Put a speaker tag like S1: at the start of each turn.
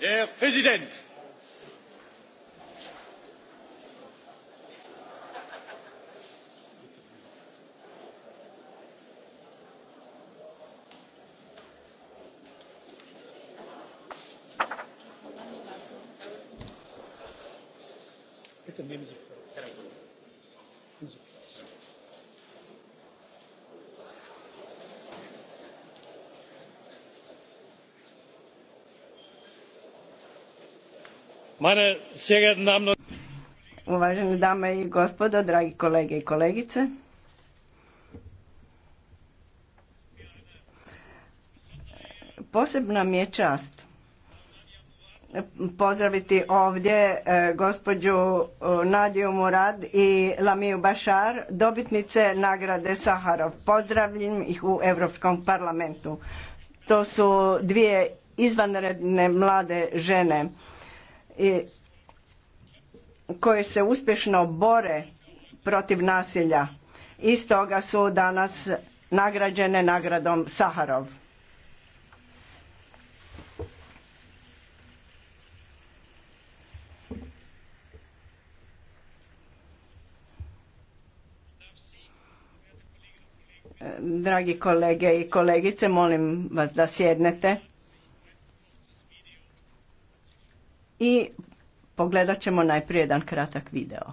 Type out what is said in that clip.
S1: herr präsident! Uvažene dame i gospodo, dragi kolege i kolegice. Posebna mi je čast pozdraviti ovdje e, gospođu e, Nadiju Murad i Lamiju Bašar, dobitnice nagrade Saharov. Pozdravljam ih u Europskom parlamentu. To su dvije izvanredne mlade žene koje se uspješno bore protiv nasilja i stoga su danas nagrađene nagradom Saharov. Dragi kolege i kolegice, molim vas da sjednete. i pogledat ćemo najprije jedan kratak video.